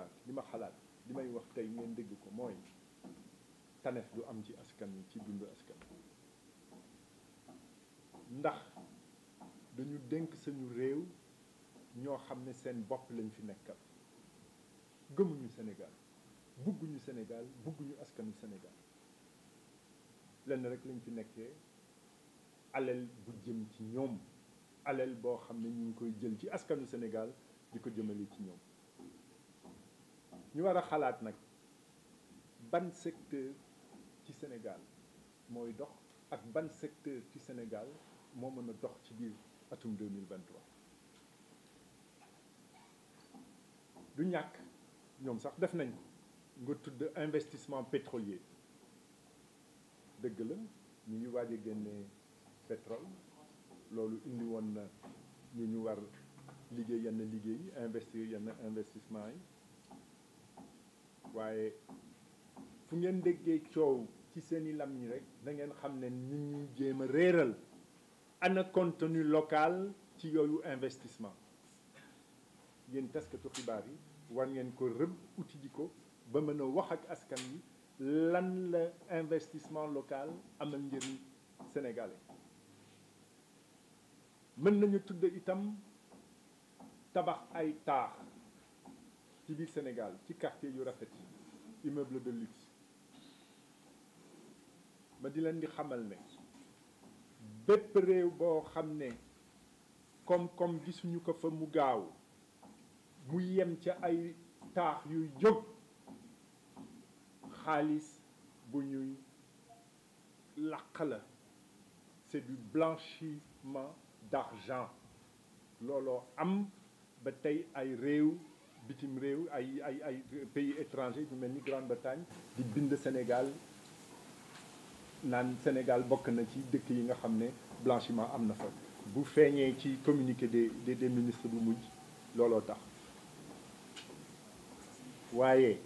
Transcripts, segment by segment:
yaakaar li ma xalaat li may wax tey ngeen dégg ko mooy taneef du am ci askan wi ci dundu askan ndax dañu dénk suñu réew ñoo xam ne seen bopp lañ fi nekkal gëmuñu Sénégal bugguñu Sénégal bugguñu askanu Sénégal lenn rek lañ fi nekkee alal bu jëm ci ñoom aleel boo xam ne ñu ngi koy jël ci askanu Sénégal di ko jëmale ci ñoom ñu war a xalaat nag ban secteur ci Sénégal mooy dox ak ban secteur ci Sénégal moo mën a dox ci biir atum 2023 du ñàkk ñoom sax def nañ ko nga tudd investissement pétrolier dëgg la ñu ngi waaj a génne pétrole loolu indi woon na ñu ñu war liggéey yenn liggéey yi investir yenn investissement yi waaye fu ngeen déggee coow ci seeni làmmiñ rek da ngeen xam ne nit ñu jéem a réeral ana contenu local ci yooyu investissement yéen taskatu xibaar yi war ngeen ko rëbb uti ji ko ba mën a wax ak askan yi lan la investissement local amal njëriñ sénégalais mën nañu tudd itam tabax ay taax ci biir Sénégal ci quartier yu rafet immeuble de luxe ma di leen di xamal ne bépp réew boo xam ne koom-koom gisuñu ko fa mu gaaw mu yem ca ay taax yu jóg xaalis bu ñuy làq la c'est du blanchiment d'argent looloo am ba tey ay réew bitim réew ay ay ay pays étranger ñu mel ni Grande-Bretagne di bind Sénégal naan Sénégal bokk na ci dëkk yi nga xam ne blanchiment am na fa bu feeñee ci communiqué des de ministres bu mujj looloo tax waaye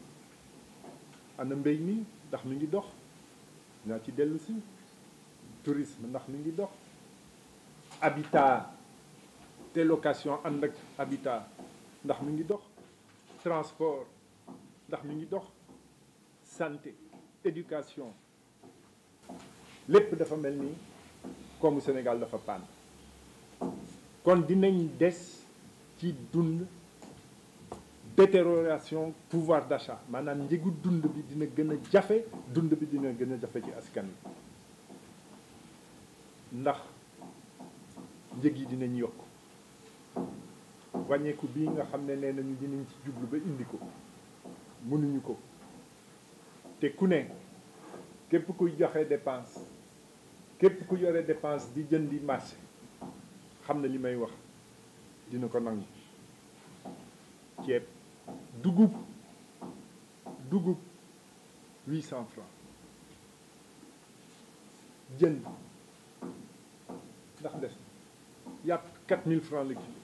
am na mbéy mi ndax mi ngi dox naa ci dellusi si tourisme ndax mi ngi dox habitat te location ànd ak habitat ndax mi ngi dox transport ndax mi ngi dox santé éducation lépp dafa mel ni koomu Sénégal dafa paan kon dinañ des ci dund détérioration pouvoir d'achat maanaam njëgu dund bi dina gën a jafe dund bi dina gën a jafe ci askan wi ndax njëg yi dinañ yokk wàññeeku bii nga xam ne nee nañu dinañ ci jublu ba indi ko mënuñu ko te ku ne képp kuy joxe dépense képp ku yore dépense di jëndi marché xam na li may wax dina ko nangu ceeb dugub dugub huit cent francs jën ndax des yàpp quatre mille francs la kilo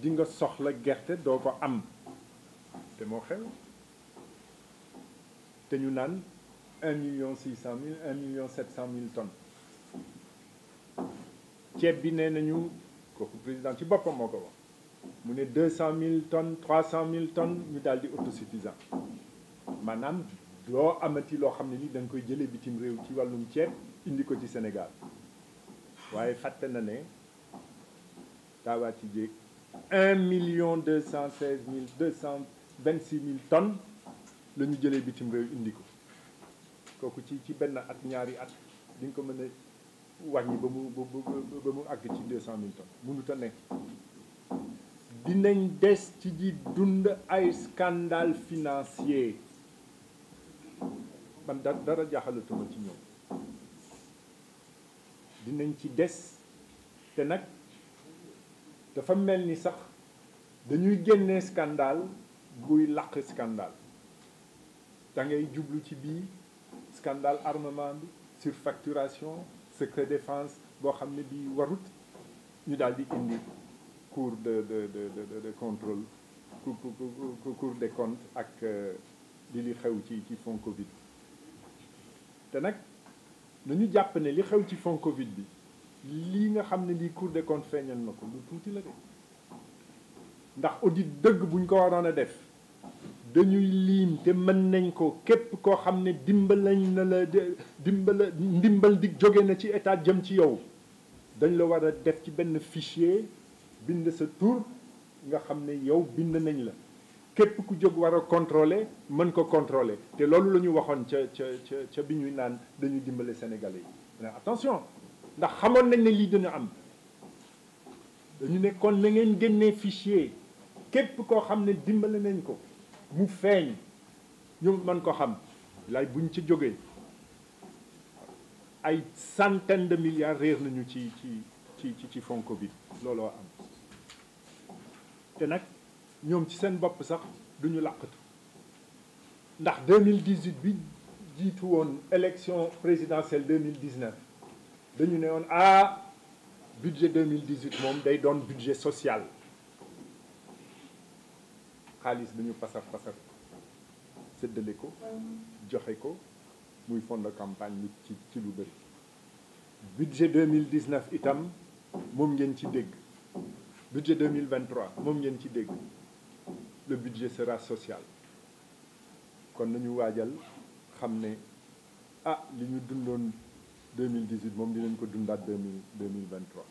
di nga soxla gerte doo ko am te moo xew te ñu naan un million six cent mille un million sept cent mille tonnes ceeb bi nee nañu kooku président ci boppam moo ko wax mu ne deux cent mille tonnes trois cent mille tonnes ñu daal di autosuffisant maanaam loo amati loo xam ne ni da koy jëlee bitim réew ci wàllum ceeb indi ko ci Sénégal waaye fàtte na ne taawaati jéeg un million deux cent seize mille deux cent vingt six mille tonnes lañu ñu jëlee bitim réew indi ko kooku ci ci benn at ñaari at di nga ko mën a wàññi ba mu ba mu àgg ci deux cent mille tonnes mënut a nekk dinañ des ci di dund ay scandale financier man da dara jaaxalatuma ci ñoom dinañ ci des te nag dafa mel ni sax dañuy génnee scandale guy làq scandale da ngay jublu ci bii scandale armement bi surfacturation secret défense boo xam ne bii warut ñu dal di indi cour de de de de contrôle cour des comptes ak euh, li li xew ci ci fond Covid te nag ñu jàpp ne li xew ci fond Covid bi lii nga xam ne lii Cour des comptes feeñal na ko lu tuuti la de ndax audit dëgg buñ ko waroon a def dañuy liim te mën nañ ko képp koo xam ne dimbal nañ na la dimbal ndimbal di jóge na ci état jëm ci yow dañ la war a def ci benn fichier bind sa tur nga xam ne yow bind nañ la képp ku jóg war a contrôler mën ko contrôler te loolu la ñu waxoon ca ca ca ca bi ñuy naan dañuy dimbale Sénégalais yi attention ndax xamoon nañ ne lii dina am dañu nekkoon kon na ngeen génnee fichier képp koo xam ne dimbale nañ ko mu feeñ ñu mën ko xam lay buñ ci jógee ay centaine de milliards réer nañu ci ci ci ci fonds Covid looloo am te nag ñoom ci seen bopp sax duñu làqatu ndax mille 2018 bi jiitu woon élection présidentielle 2019 dañu ne woon ah budget 2018 moom day doon budget social xaalis bi ñu pasar pasar séddale ko joxe ko muy fond de campagne bi ci ci lu bëri budget 2019 itam moom ngeen ci dégg budget 2023 moom ngeen ci dégg le budget sera social kon nañu waajal xam ne ah li ñu dundoon deux mille dix huit moom dinañ ko dundaat deux mille deux mille vingt trois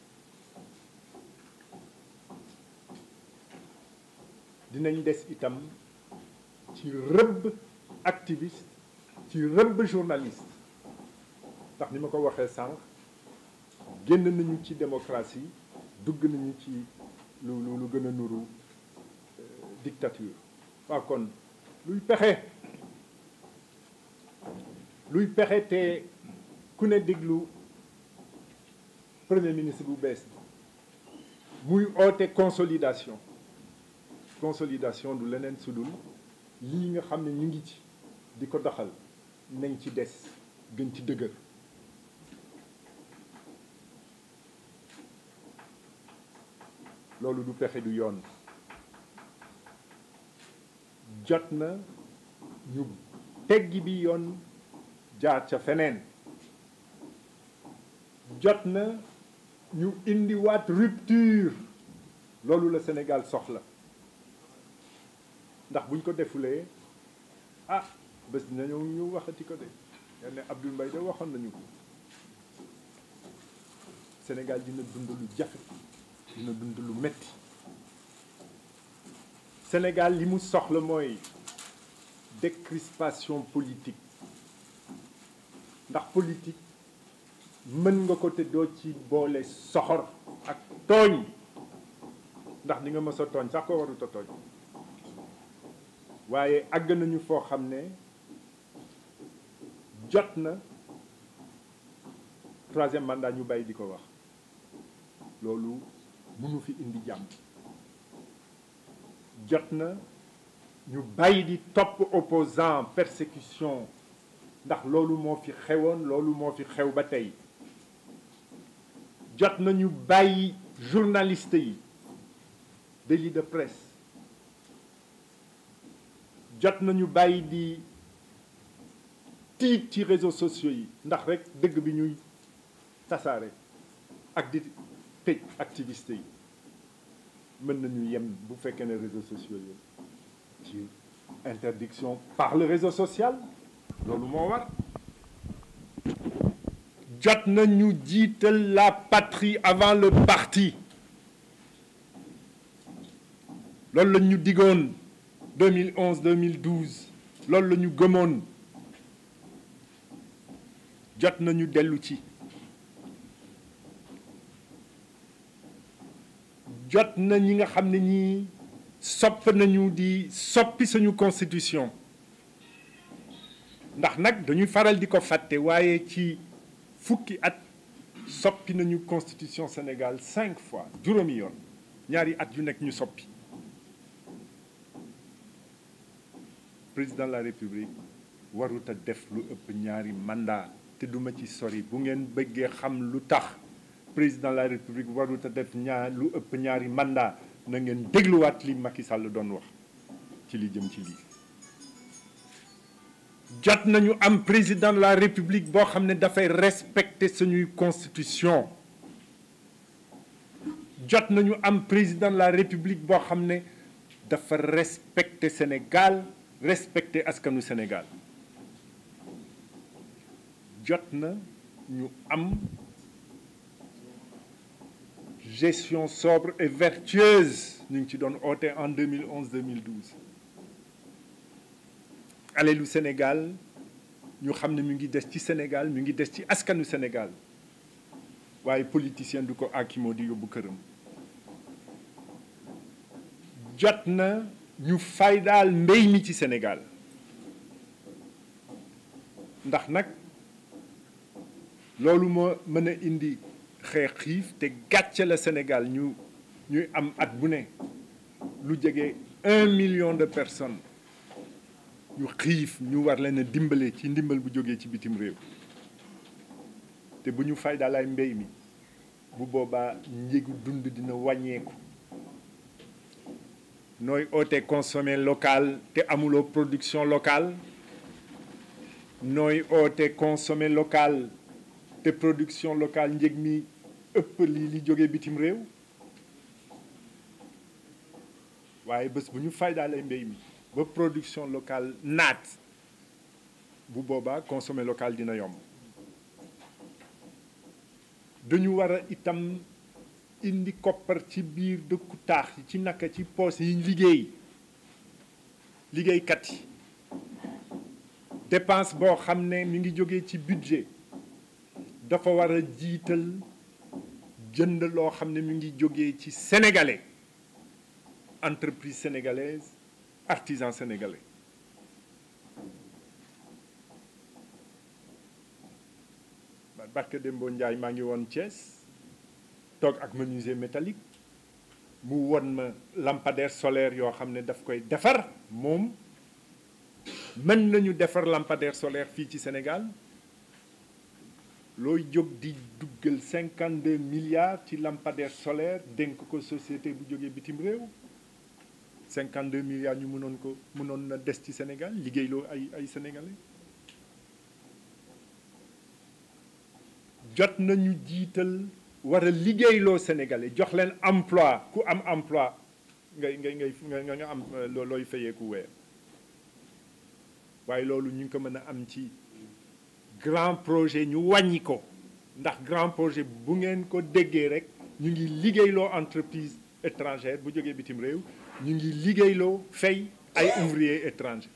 dinañ des itam ci rëbb activiste ci rëbb journaliste ndax ni ma ko waxee sànq génn nañu ci démocratie dugg nañu ci lu lu lu gën a nuru euh, dictature waa kon luy pexe luy pexe te ku ne déglu premier ministre bu bees bi muy oote consolidation consolidation du leneen sudul lii nga xam ne ñu ngi ci di ko doxal nañ ci des gën ci dëgër loolu du pexe du yoon jot na ñu teggi bi yoon jaar ca feneen jot na ñu indiwaat rupture loolu la Sénégal soxla ndax buñ ko defulee ah bés na ñu waxati ko de yal Abdoul Mbaye de waxoon nañu ko Sénégal dina dund lu jafe dina dund lu metti Sénégal li mu soxla mooy décrispation politique ndax politique mën nga ko te doo ci boole soxor ak tooñ ndax di nga mës a tooñ sax ko warut tooñ waaye àgg nañu foo xam ne jot na troisième mandat ñu bàyyi di ko wax loolu mënu fi indi jàmm jot na ñu bàyyi di topp opposant persécution ndax loolu moo fi xewoon loolu moo fi xew ba tey jot nañu bàyyi journaliste yi délit de presse jot nañu bàyyi di tiit ci réseau sociaux yi ndax rekk dëgg bi ñuy tasaare ak di tëj activiste yi mën nañu yem bu fekkee ne réseaux sociaux yi ci interdiction par le réseau social loolu moo jot na ñu jiital la patrie avant le parti loolu la ñu diggoon 2011 2012 loolu la ñu gëmoon jot nañu dellu ci jot na ñi nga xam ne ñii sopp nañu di soppi suñu constitution ndax nag dañuy faral di ko fàtte waaye ci fukki at soppi nañu constitution Sénégal cinq fois juróomi yoon ñaari at yu nekk ñu soppi président de la république warut a def lu ëpp ñaari mandat te duma ci sori bu ngeen bëggee xam lu tax président la république warut a def ñaar lu ëpp ñaari mandat na ngeen dégluwaat li Macky Sall doon wax ci li jëm ci lii jot nañu am président la république boo xam ne dafay respecter suñu constitution jot nañu am président de la république boo xam ne dafa respecter Sénégal respecter askanu Sénégal jot na ñu am gestion sobre et vertueuse ñu ngi ci doon oote en 2011 2012 alelu Sénégal ñu xam ne mu ngi des ci Sénégal mu ngi des ci askanu Sénégal waaye politicien du ko akimoo di yóbbu këram jot na ñu daal mbey mi ci Sénégal ndax nag loolu moo mën a indi xeex xiif te gàcce la Sénégal ñu ñuy am at bu ne lu jege un million de personnes ñu xiif ñu war leen a dimbale ci ndimbal bu jógee ci bitim réew te bu ñu fay ay mbéy mi bu boobaa njëgu dund dina wàññeeku nooy oote consommer local te amuloo production locale nooy oote consommer local te production locale njëg mi ëpp lii li jógee bitim réew waaye bés bu ñu faydaale mbéy mi ba production locale naat bu boobaa consommer locale dina yomb dañu war a itam indi koppar ci biir dëkku taax yi ci naka ci poos yi liggéey liggéeykat yi dépense boo xam ne mi ngi jóge ci budget dafa war a jiital jënd loo xam ne mi ngi jóge ci sénégalais entreprise sénégalaise artisans sénégalais man barke Dembo Njaay maa ngi woon Thiès toog ak menuisier métallique mu won ma lampadaire solaire yoo xam ne daf koy defar moom mën nañu defar lampadaire solaire fii ci Sénégal looy jóg di duggal cinquante deux milliards ci lampadaire solaire dénk ko société bu jógee bitim réew 52 milliards ñu mënoon ko mënoon na des ci Sénégal liggéeyloo ay ay sénégalais jot nañu jiital wara liggéeyloo sénégalais jox leen emploi ku am emploi ngay ngay ngay nga am euh, looy fayeeku weer waaye loolu ñu ngi ko mën a am ci grand projet ñu wàññi ko ndax grand projet bu ngeen ko déggee rek ñu ngi liggéeyloo entreprise étrangère bu jógee bitim réew ñu ngi liggéeyloo fay ay ouvriers étrangers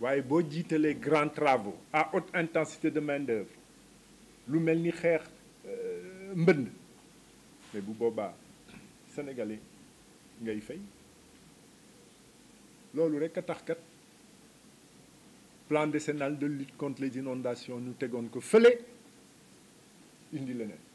waaye boo jiitalee grands travaux à haute intensité de main d'œuvre lu mel ni xeex euh, mbënd mais bu boobaa sénégalais ngay fay loolu rek a tax kat plan décennal de lutte contre les inondations ñu tegoon ko fële indi leneen.